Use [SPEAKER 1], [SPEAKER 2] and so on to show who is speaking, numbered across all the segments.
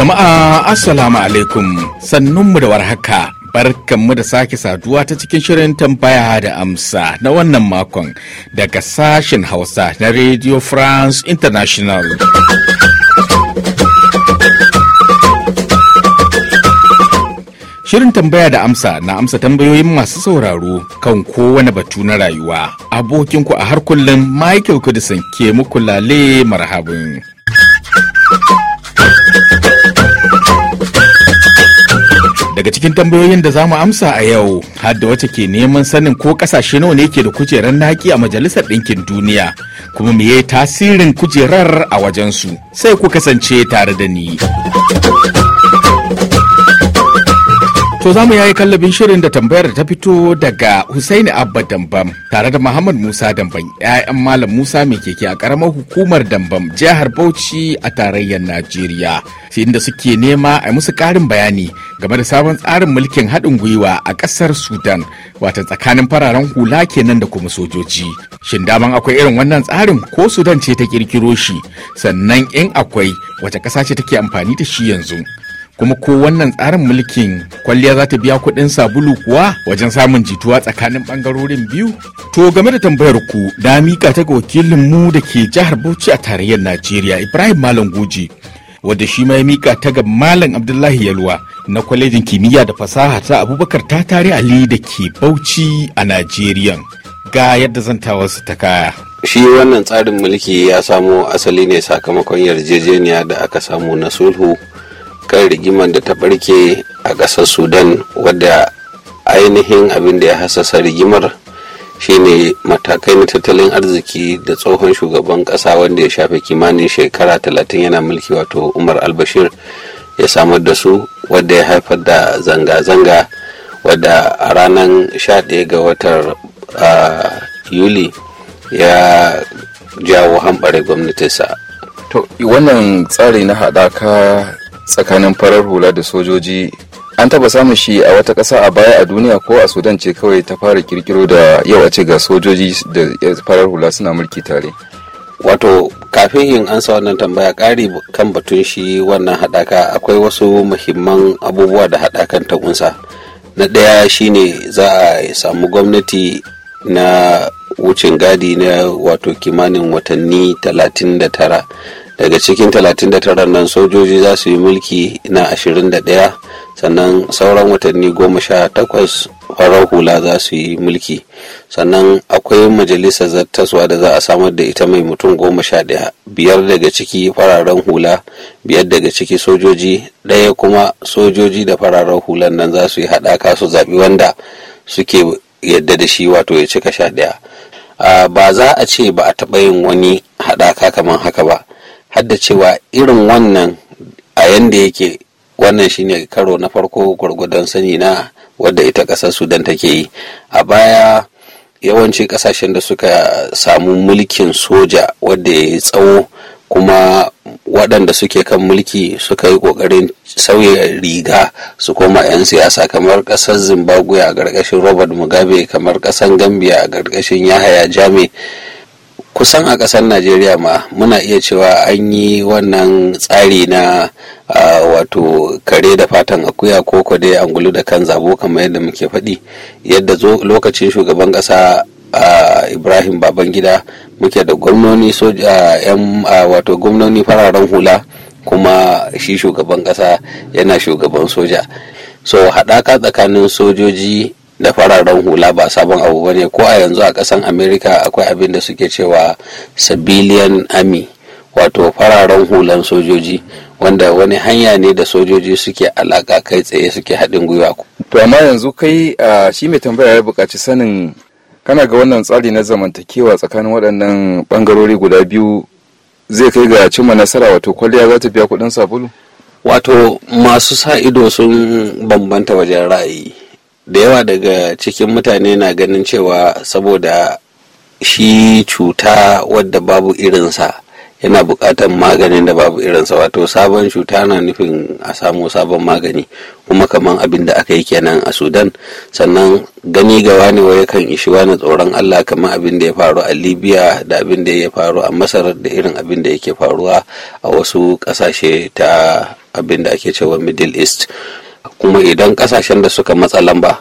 [SPEAKER 1] Jama'a Assalamu alaikum sannunmu da warhaka barkanmu da sake saduwa ta cikin shirin tambaya da amsa na wannan makon daga sashen Hausa na Radio France International. Shirin tambaya da amsa na amsa tambayoyin masu sauraro kan kowane batu na rayuwa. Abokinku a har kullum Michael Kudisin ke muku lale marhabin. daga cikin tambayoyin da zamu amsa a yau har da wacce ke neman sanin ko kasashe nawa ne ke da kujerar naki a majalisar ɗinkin duniya kuma me tasirin kujerar a wajen su sai ku kasance tare da ni. To za mu yayi kallabin shirin da tambayar da ta fito daga Husaini Abba Dambam tare da Muhammad Musa Dambam ‘ya'yan Malam Musa mai keke a karamar hukumar Dambam jihar Bauchi a tarayyar Najeriya. Sai inda suke nema a musu karin bayani game da sabon tsarin mulkin haɗin gwiwa a ƙasar Sudan wata tsakanin fararen hula kenan da kuma sojoji. Shin daman akwai irin wannan tsarin ko Sudan ce ta kirkiro shi sannan in akwai wace ƙasa ce take amfani da shi yanzu. kuma ko wannan tsarin mulkin kwalliya za ta biya kuɗin sabulu kuwa wajen samun jituwa tsakanin ɓangarorin biyu to game da tambayar ku na mika ta ga wakilin mu da ke jihar bauchi a tarayyar najeriya ibrahim malam goji wadda shi ma ya mika ta ga malam abdullahi yalwa na kwalejin kimiyya da fasaha ta abubakar ta tare ali da ke bauchi a najeriya ga yadda zantawarsu ta kaya
[SPEAKER 2] shi wannan tsarin mulki ya samo asali ne sakamakon yarjejeniya da aka samu na sulhu kan rigimar da ta barke a ƙasar sudan wadda ainihin abin da ya hasasa rigimar shine matakai na tattalin arziki da tsohon shugaban ƙasa wanda ya shafe kimanin shekara 30 yana mulki wato umar albashir ya samar da su wadda ya haifar da zanga-zanga wadda a ranar 11 ga watar yuli ya jawo hamɓare gwamnatinsa to wannan tsari na haɗaka tsakanin farar hula da sojoji an taba samun shi a wata ƙasa a baya a duniya ko a sudan ce kawai ta fara kirkiro da yau a ce ga sojoji da farar hula suna mulki tare wato kafin yin ansa wannan tambaya ƙari kan batun shi wannan haɗaka akwai wasu muhimman abubuwa da haɗakan ta kunsa na ɗaya shine za a samu gwamnati na wucin gadi na wato kimanin watanni 39 daga cikin 39 nan sojoji za su yi mulki na 21 sannan sauran watanni 18 farar hula za su yi mulki sannan akwai majalisar zattaswa da za a samar da ita mai mutum 11 biyar daga ciki fararen hula biyar daga ciki sojoji ɗaya kuma sojoji da fararen hulan nan za su yi haɗaka su zaɓi wanda suke yadda da shi wato ya cika sha ɗaya ah, ba za a ce ba a taɓa yin wani haɗaka kamar haka ba hadda cewa irin wannan a yanda yake wannan shine karo na farko gwargwadon sani na wadda ita ƙasar sudan take yi a baya yawanci ƙasashen da suka samu mulkin soja wadda ya yi tsawo kuma waɗanda suke kan mulki suka yi ƙoƙarin sauya riga su koma 'yan siyasa kamar ƙasar zimbabwe a ƙarƙashin robert mugabe kamar ƙasar gambia a ƙarƙashin yahaya jami'a. kusan a ƙasar najeriya ma muna iya cewa an yi wannan tsari na wato kare da fatan akuya ko dai angulu da kan zabo kamar yadda muke faɗi yadda lokacin shugaban ƙasa Uh, ibrahim babangida muke da gwamnoni soja yan wato gwamnoni fararen hula kuma shi shugaban ƙasa yana shugaban soja so haɗaka tsakanin sojoji da fararen hula ba sabon abu ba ne ko a yanzu a kasan america akwai abin da suke cewa civilian army wato fararen hulan sojoji wanda wani hanya ne da sojoji suke alaka kai tsaye suke haɗin gwiwa to amma yanzu kai shi mai tambaya ya buƙaci sanin kana ga wannan tsari na zamantakewa tsakanin waɗannan ɓangarori guda biyu zai kai ga cimma nasara wato kwalliya za ta biya kuɗin sabulu wato masu sa ido sun bambanta wajen ra'ayi da yawa daga cikin mutane na ganin cewa saboda shi cuta wadda babu irinsa yana buƙatar maganin da babu irinsa wato sabon cuta na nufin a samu sabon magani kuma kamar abin da aka yi kenan a sudan sannan gani ga wani waya kan ishi wani tsoron allah kamar abin da ya faru a libya da abin da ya faru a masar da irin abin da yake faruwa a wasu ƙasashe ta abin da ake cewa middle east kuma idan kasashen da suka matsa lamba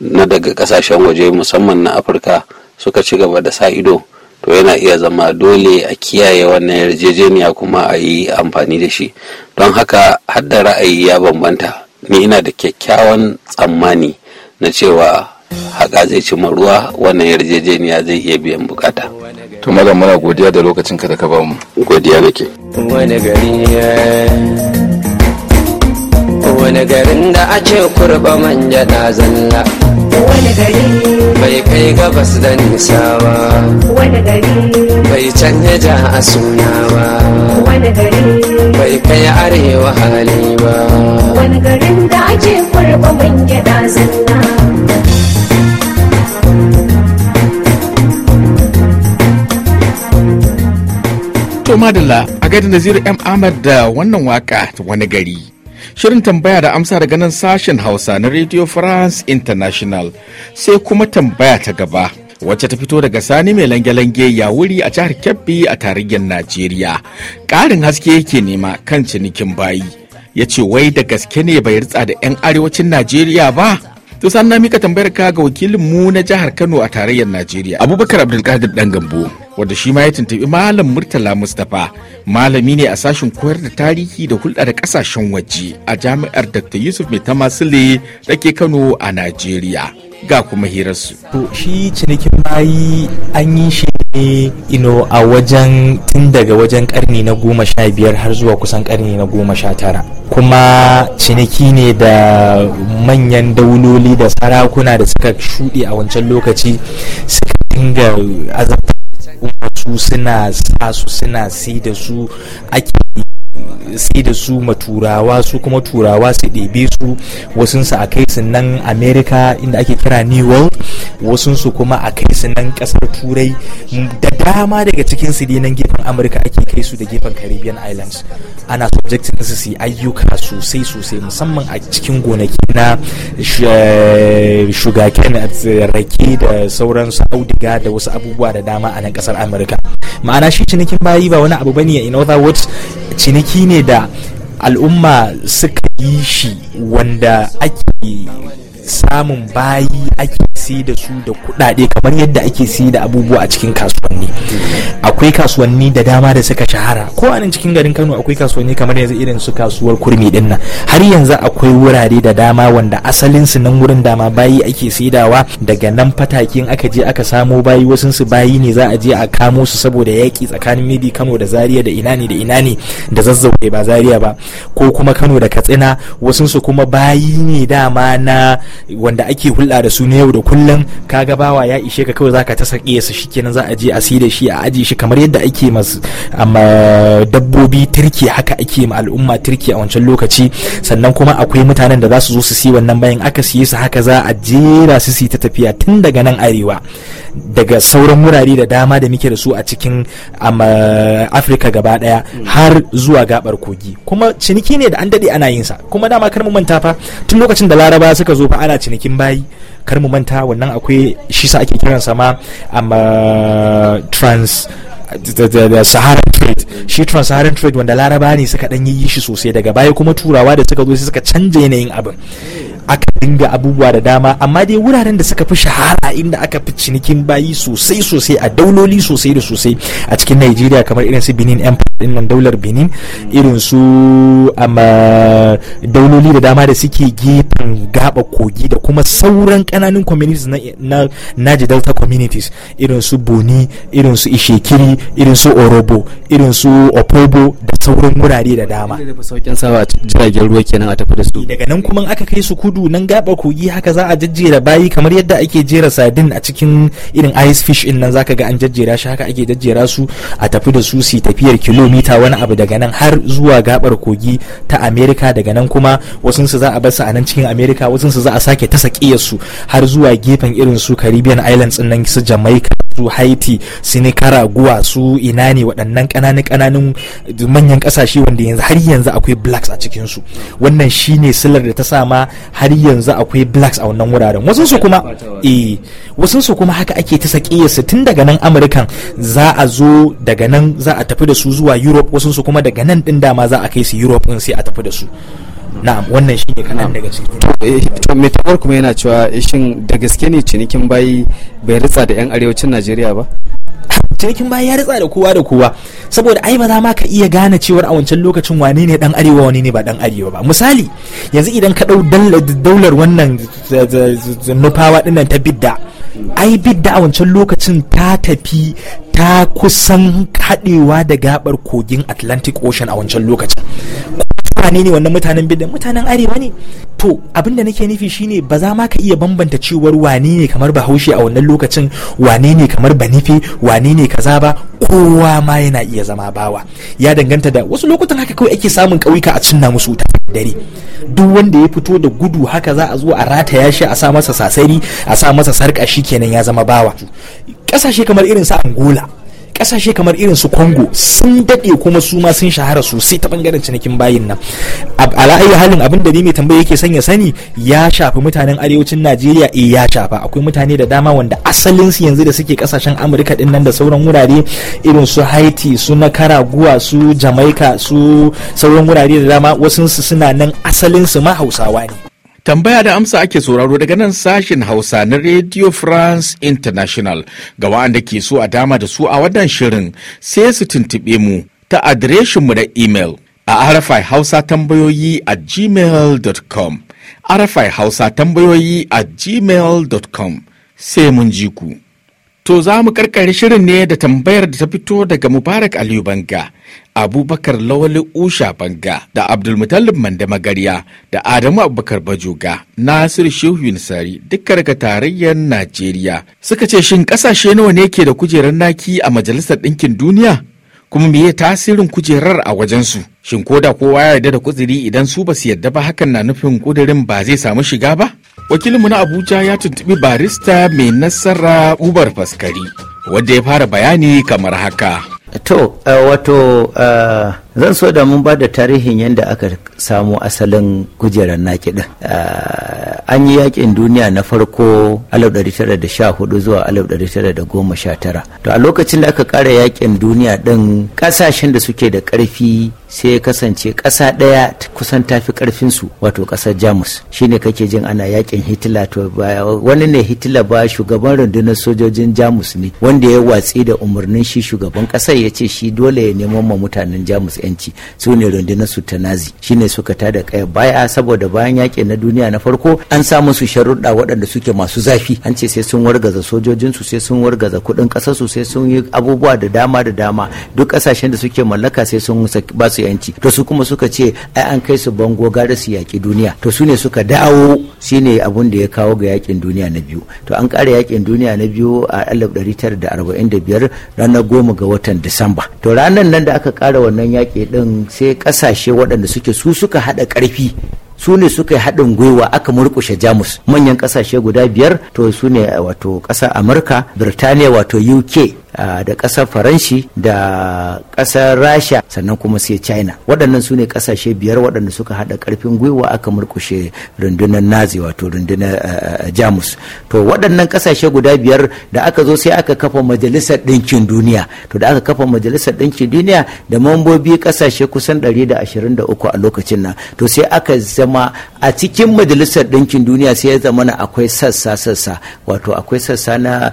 [SPEAKER 2] na daga kasashen waje musamman na afirka suka ci gaba da sa ido to yana iya zama dole a kiyaye wannan yarjejeniya kuma a yi amfani da shi don haka hadda ra'ayi ya bambanta ni ina da kyakkyawan tsammani na cewa haka zai ci ruwa wannan yarjejeniya zai iya biyan bukata to malam muna godiya da lokacin ka da ka ba mu godiya nake
[SPEAKER 3] wani gari wani garin da ake kurba manja na zalla wani gari bai kai gabas da nisa ba wani gari bai canja ja a suna ba wani gari bai kai arewa hali ba wani garin da ake kurba manja na zalla
[SPEAKER 1] madalla a gaida Naziru M. Ahmad da wannan waka wani gari. Shirin tambaya da amsa daga nan sashen Hausa na Radio France International sai kuma tambaya ta gaba. wacce ta fito daga sani mai lange-lange ya wuri a jihar kebbi a tarihin najeriya Karin haske yake nema kan cinikin bayi ya ce wai da gaske ne bai ritsa da 'yan arewacin najeriya ba to na mika tambayar ka ga wakilin mu na jihar kano a tarayyar najeriya abubakar abdulkadir dan gambo wanda shi ma ya tuntubi malam murtala mustapha malami ne a sashen koyar da tarihi da hulɗa da ƙasashen waje a jami'ar dr yusuf mai tamasile da ke kano a
[SPEAKER 4] najeriya ga kuma hirarsu. to shi cinikin bayi an yi shi ne ino a wajen tun daga wajen karni na goma sha biyar har zuwa kusan karni na goma sha tara kuma ciniki ne da manyan dauloli da sarakuna da suka shuɗe a wancan lokaci suka dinga azabta. su suna sa su suna si da su ake sai da su maturawa su kuma turawa su ɗebe su wasunsu a kai su nan america inda ake kira new world wasunsu kuma a kai su nan ƙasar turai da dama daga cikin su nan gefen amurka ake kai su da gefen caribbean islands ana subjectin su su ayyuka sosai sosai musamman a cikin gonaki na eh, shugaken eh, rake da sauran su auduga da wasu abubuwa da dama a nan ƙasar amurka ma'ana shi cinikin bayi ba wani abu bane in other words ciniki ne da al'umma suka yi shi wanda ake samun bayi ake sai da su da kuɗaɗe kamar yadda ake sai da abubuwa a cikin kasuwanni akwai kasuwanni da dama da suka shahara ko a nan cikin garin Kano akwai kasuwanni kamar yanzu irin su kasuwar kurmi din nan har yanzu akwai wurare da dama wanda asalin su nan wurin dama bayi ake saidawa daga nan fatakin aka je aka samo bayi wasu su bayi ne za a je a kamo su saboda yaki tsakanin midi Kano da Zaria da ina ne da ina ne da zazzauke ba Zaria ba ko kuma Kano da Katsina wasu su kuma bayi ne dama na wanda ake hulɗa da su ne yau da kullum ka ga bawa ya ishe ka kawai zaka ta sake su shikenan za a je a sida shi a aji shi kamar yadda ake masu amma dabbobi turki haka ake ma al'umma turki a wancan lokaci sannan kuma akwai mutanen da za su zo su si wannan bayan aka siye su haka za a jera su su ta tafiya tun daga nan arewa daga sauran wurare da dama da muke da su a cikin um, uh, afirka gaba daya har zuwa gabar kogi kuma ciniki ne da an dade ana yinsa kuma dama kar mu manta fa tun lokacin da laraba suka zo fa ana cinikin bayi kar mu manta wannan akwai shi sa ake kiransa ma um, uh, trans da saharan trade shi trans-saharan trade wanda laraba ne suka dan yi shi sosai daga baya kuma turawa da suka zo sai suka canja yanayin abin aka dinga abubuwa da dama amma dai wuraren da suka fi shahara inda aka fi cinikin bayi sosai sosai a dauloli sosai da sosai a cikin Najeriya kamar irin su Benin Empire din nan daular Benin irin su amma um, dauloli da dama da suke gefen gaba kogi da kuma sauran kananun communities na Naji Delta communities irin su Boni irin su Ishekiri irin su Orobo irin su Opobo da sauran wurare da dama. Daga nan kuma aka kai su kudu gudu nan gaba kogi haka za a jajjera bayi kamar yadda ake jera sardin a cikin irin ice fish in nan zaka ga an jajjera shi haka ake jajjera su a tafi da su su tafiyar kilomita wani abu daga nan har zuwa gabar kogi ta America daga nan kuma wasun su za a bar su a nan cikin America wasun su za a sake ta sakiyar su har zuwa gefen irin su Caribbean islands din nan su Jamaica su haiti su guwa su ina ne waɗannan ƙananan ƙananan manyan ƙasashe wanda yanzu har yanzu akwai blacks a cikinsu wannan shine silar da ta sama har yanzu akwai blacks a wannan wuraren wasu su kuma eh wasu su kuma haka ake ta sakiya su tun daga nan amurkan za a zo daga nan za a tafi da su zuwa europe wasu su kuma daga nan din dama za a kai su europe din sai a tafi da su na'am wannan shi ne kanan daga cikin
[SPEAKER 2] to eh, mai kuma yana cewa eh, shin da gaske ne cinikin bayi bai ritsa da yan arewacin najeriya ba
[SPEAKER 4] cinikin bayi ya ritsa da kowa da kowa saboda ai ba za ma ka iya gane cewar a wancan lokacin wane ne dan arewa wane ne ba dan arewa ba misali yanzu idan ka dau daular wannan nufawa dinnan ta bidda ai bidda a wancan lokacin ta tafi ta kusan kadewa da gabar kogin atlantic ocean a wancan lokacin mutane ne wannan mutanen bid'a mutanen arewa ne to abin da nake nufi shine ba za ma ka iya bambanta cewar wane ne kamar bahaushe a wannan lokacin wane ne kamar banife wane ne kaza ba kowa ma yana iya zama bawa ya danganta da wasu lokutan haka kawai ake samun kauyuka a cinna musu ta dare duk wanda ya fito da gudu haka za a zo a rataya shi a sa masa sasari a sa masa sarƙa kenan ya zama bawa kasashe kamar irin sa angola kasashe kamar irin su congo sun daɗe kuma su ma sun shahara sosai ta bangaren cinikin bayin nan a ra'ayi halin abin da ni mai tambaya yake sanya sani ya shafi mutanen arewacin najeriya eh ya shafa akwai mutane da dama wanda asalin su yanzu da suke kasashen amurka din nan da sauran wurare irin su haiti su nakaraguwa su jamaica su sauran wurare da dama wasu su suna nan asalin su ma hausawa ne Tambaya da amsa ake sauraro daga nan
[SPEAKER 1] sashen Hausa na Radio France International ga wa'anda ke so a dama da su a wannan shirin sai su tuntuɓe mu ta adireshinmu da email a arafai hausa tambayoyi a gmail.com arafai hausa tambayoyi a gmail.com sai mun ji ku. To za mu karkare shirin ne da tambayar da ta fito daga Mubarak Aliyu Banga abubakar lawali usha banga da abdulmutallib magarya da adamu abubakar bajoga nasir shehu yunsari dukkan daga tarayyar najeriya suka ce shin kasashe nawa ne ke da kujerar naki a majalisar ɗinkin duniya kuma me meye tasirin kujerar a wajen su? shin koda kowa ya yarda da kuziri idan su ba su yarda ba hakan na nufin kudirin ba zai samu shiga ba wakilinmu na abuja ya tuntubi barista mai nasara ubar faskari wadda ya fara bayani kamar haka
[SPEAKER 3] to eh, wato eh, zan so da mun ba da tarihin yadda aka samo asalin kujerar naki din an yi yakin duniya na farko 1914 zuwa 1919 to a lokacin da aka kara yakin duniya ɗin, ƙasashen da suke da karfi sai ya kasance ƙasa ɗaya kusan tafi ƙarfinsu wato ƙasar jamus shine kake jin ana yakin hitler to wani ne hitler ba shugaban rundunar sojojin jamus ne wanda ya watsi da umarnin shi shugaban ƙasar ya ce shi dole ya neman ma mutanen jamus yanci su ne rundunar su ta nazi shine suka tada kaya baya saboda bayan yaƙi na duniya na farko an samu su sharuɗa waɗanda suke masu zafi an ce sai sun wargaza sojojinsu sai sun wargaza kuɗin ƙasarsu sai sun yi abubuwa da dama da dama duk ƙasashen da suke mallaka sai sun ba su yanci to su kuma suka ce ai an kai su bango gara su yaƙi duniya to su ne suka dawo shi ne abun da ya kawo ga yaƙin duniya na biyu to an ƙara yaƙin duniya na biyu a da da arba'in biyar ranar goma ga watan disamba to ranar nan da aka ƙara wannan yaƙi ke ɗin sai ƙasashe waɗanda suke su suka haɗa ƙarfi su ne suka yi haɗin gwiwa aka murƙushe jamus manyan ƙasashe guda biyar to su ne eh, wato ƙasar amurka birtaniya wato uk Uh, ah, da ƙasar faranshi da ƙasar rasha sannan kuma sai china waɗannan su ne ƙasashe biyar waɗanda suka haɗa ƙarfin gwiwa aka murkushe rundunar nazi wato rundunar eh, eh, jamus to waɗannan ƙasashe guda biyar da aka zo sai aka kafa majalisar ɗinkin duniya to da aka kafa majalisar ɗinkin duniya da mambobi ƙasashe kusan ɗari da da ashirin uku a lokacin nan to sai aka zama kuma a cikin majalisar ɗinkin duniya sai ya zamana akwai sassa sassa wato akwai sassa na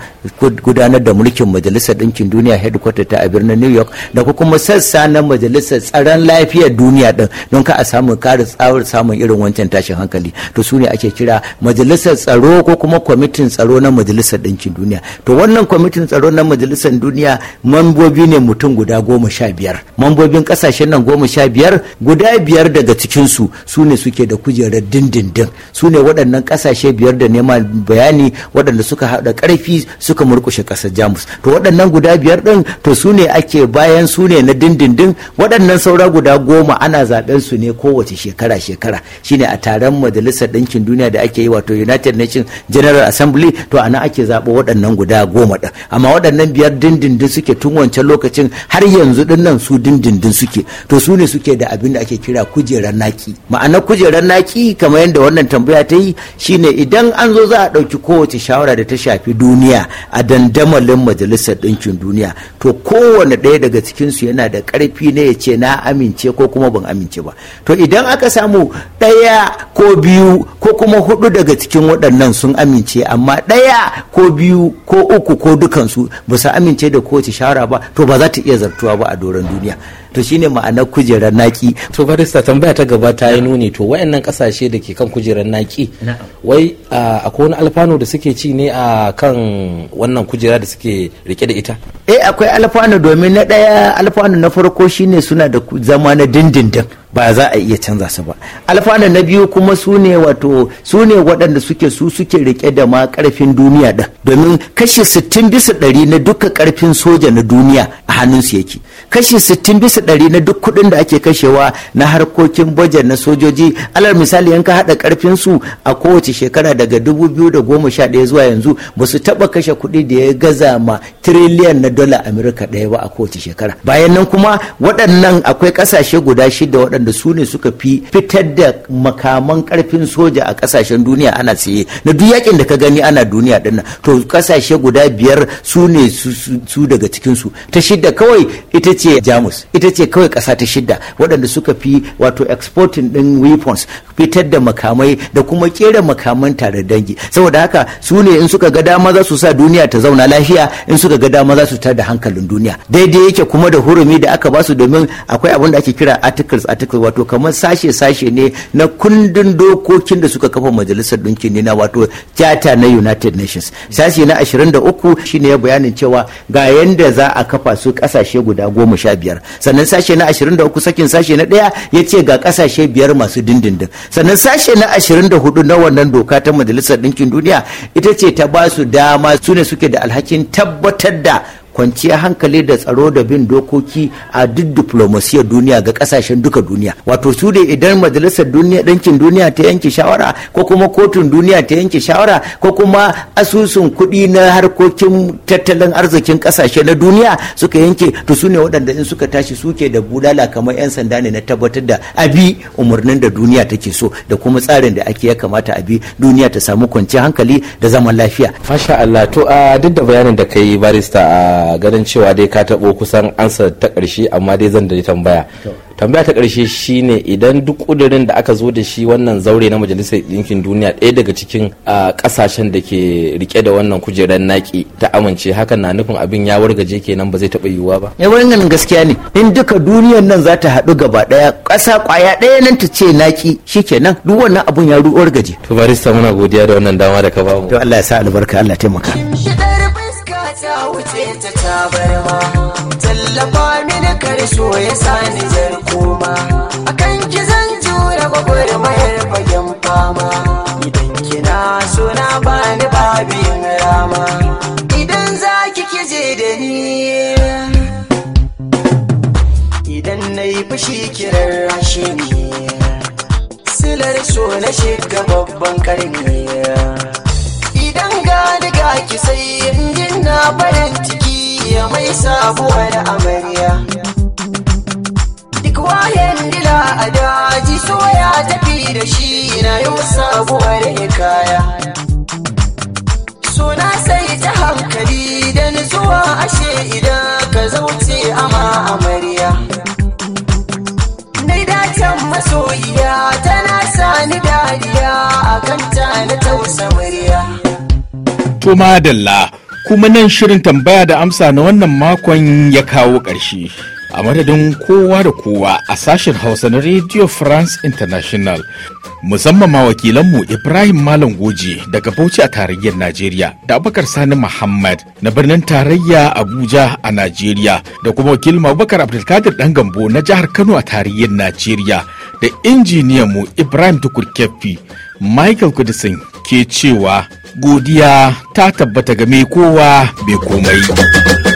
[SPEAKER 3] gudanar da mulkin majalisar ɗinkin duniya headquarter ta a birnin new york da kuma sassa na majalisar tsaron lafiyar duniya ɗin don ka a samu kare tsawar samun irin wancan tashin hankali to su ne ake kira majalisar tsaro ko kuma kwamitin tsaro na majalisar ɗinkin duniya to wannan kwamitin tsaro na majalisar duniya mambobi ne mutum guda goma sha biyar mambobin ƙasashen nan goma sha biyar guda biyar daga cikinsu su ne suke da kujerar dindindin su ne waɗannan ƙasashe biyar da nema bayani waɗanda suka haɗa ƙarfi suka murƙushe ƙasar jamus to waɗannan guda biyar ɗin to su ne ake bayan su ne na dindindin waɗannan saura guda goma ana zaɓen su ne kowace shekara shekara shine a taron majalisar ɗinkin duniya da ake yi wato united nations general assembly to ana ake zaɓa waɗannan guda goma ɗin amma waɗannan biyar dindindin suke tun wancan lokacin har yanzu ɗin nan su dindindin suke to su ne suke da abin da ake kira kujerar naki ma'ana kujerar dan naki kamar yadda wannan tambaya ta yi shine idan an zo za a ɗauki kowace shawara da ta shafi duniya a dandamalin majalisar ɗinkin duniya to kowane ɗaya daga cikinsu yana da ƙarfi ne ya ce na amince ko kuma ban amince ba to idan aka samu ɗaya ko biyu ko kuma hudu daga cikin waɗannan sun amince amma ɗaya ko biyu ko uku ko dukansu ba su amince da kowace shawara ba to ba za ta iya zartuwa ba a doron duniya to shine ma'anar kujerar naki to barista tambaya ta gaba ta yi nuni to wayannan kasashe da ke kan kujerar naki wai akwai wani
[SPEAKER 2] alfano da suke ci ne a kan wannan kujera da suke rike da ita
[SPEAKER 3] eh akwai alfano domin na daya alfano na farko shine suna da zama na dindindin ba za a iya canza su ba alfana na biyu kuma su ne wato su ne waɗanda suke su suke rike da ma ƙarfin duniya ɗin domin kashi 60 bisa ɗari na duka ƙarfin soja na duniya a hannunsu yake kashi 60 bisa ɗari na duk kuɗin da ake kashewa na harkokin bajet na sojoji alal misali yanka haɗa ƙarfin su a kowace shekara daga da goma 2011 zuwa yanzu ba su taɓa kashe kuɗi da ya gaza ma tiriliyan na dola amurka ɗaya ba a kowace shekara bayan nan kuma waɗannan akwai ƙasashe guda shida waɗanda su ne suka fi fitar da makaman ƙarfin soja a ƙasashen duniya ana siye na duk yakin da ka gani ana duniya dinnan to ƙasashe guda biyar su ne su daga cikin su ta shidda kawai ita ce jamus ita ce kawai ƙasa ta shidda waɗanda suka fi wato exporting ɗin weapons fitar da makamai da kuma kera makaman tare dangi saboda haka su ne in suka ga dama za su sa duniya ta zauna lafiya in suka ga dama za su tada hankalin duniya daidai yake kuma da hurumi da aka ba su domin akwai abin da ake kira articles articles article wato kamar sashe-sashe ne na kundin dokokin da suka kafa majalisar ɗinkin duniya wato chata na united nations sashe na 23 shine ya bayanin cewa ga yanda za a kafa su ƙasashe guda goma sha biyar sannan sashe na 23 sakin sashe na ɗaya ya ce ga ƙasashe biyar masu dindindin sannan sashe na 24 na wannan doka ta majalisar ɗinkin duniya ita ce ta ba su dama su ne suke da alhakin tabbatar da kwanciyar hankali da tsaro da bin dokoki a duk diplomasiyar duniya ga kasashen duka duniya wato su da idan majalisar duniya ɗankin duniya ta yanke shawara ko kuma kotun duniya ta yanke shawara ko kuma asusun kuɗi na harkokin tattalin arzikin kasashe na duniya suka yanke to su ne waɗanda in suka tashi suke da budala kamar 'yan sanda ne na tabbatar da abi umarnin da duniya take so da kuma tsarin da ake ya kamata abi duniya ta samu kwanciyar hankali da zaman lafiya. Masha Allah to a duk da bayanin da ka yi barista a ganin cewa dai ka
[SPEAKER 2] taɓo kusan ansa ta ƙarshe amma dai zan da tambaya tambaya ta ƙarshe shine idan duk ƙudurin da aka zo da shi wannan zaure na majalisar ɗinkin duniya ɗaya daga cikin ƙasashen da ke rike da wannan kujerar naki ta amince hakan na nufin abin ya wargaje kenan ba zai taɓa
[SPEAKER 3] yiwuwa ba ya eh, wannan gaskiya ne in duka duniyar nan za ta haɗu gaba ɗaya ƙasa kwaya ɗaya nan ta ce naƙi shi shikenan duk wannan abun ya wargaje to barista muna godiya da wannan dama da ka bamu to Allah ya sa albarka Allah taimaka ta wuce ta tabarma tallafa mini karsho ya sani zarkoma akan ki zan jura mayar fagen fama idan kina suna bani babin rama idan za ki kije da ni idan na yi fushi kirar rashe ne silar so na shiga babban karni idan ga ki sai na farin ciki ya mai sabuwar amarya duk wayan dila a daji soya tafi da shi na yi sabuwar hikaya suna sai ta hankali da nutsuwa ashe idan ka zauce ama amarya nai dacen masoyiya tana sani dariya a kanta na tausa murya.
[SPEAKER 1] Tuma Dalla kuma nan shirin tambaya da amsa na wannan makon ya kawo ƙarshe. A madadin kowa da kowa a sashen Hausa na Radio France International, musamman ma wakilanmu Ibrahim Malam Goji daga Bauchi a tarayyar Najeriya da Abubakar Sani Muhammad na birnin tarayya Abuja a Najeriya da kuma wakilin Abubakar Abdulkadir Dan Gambo na jihar Kano a tarayyar Najeriya da injiniyanmu Ibrahim Tukur Keffi, Michael Kudisin ke cewa godiya ta tabbata ga mai kowa bai komai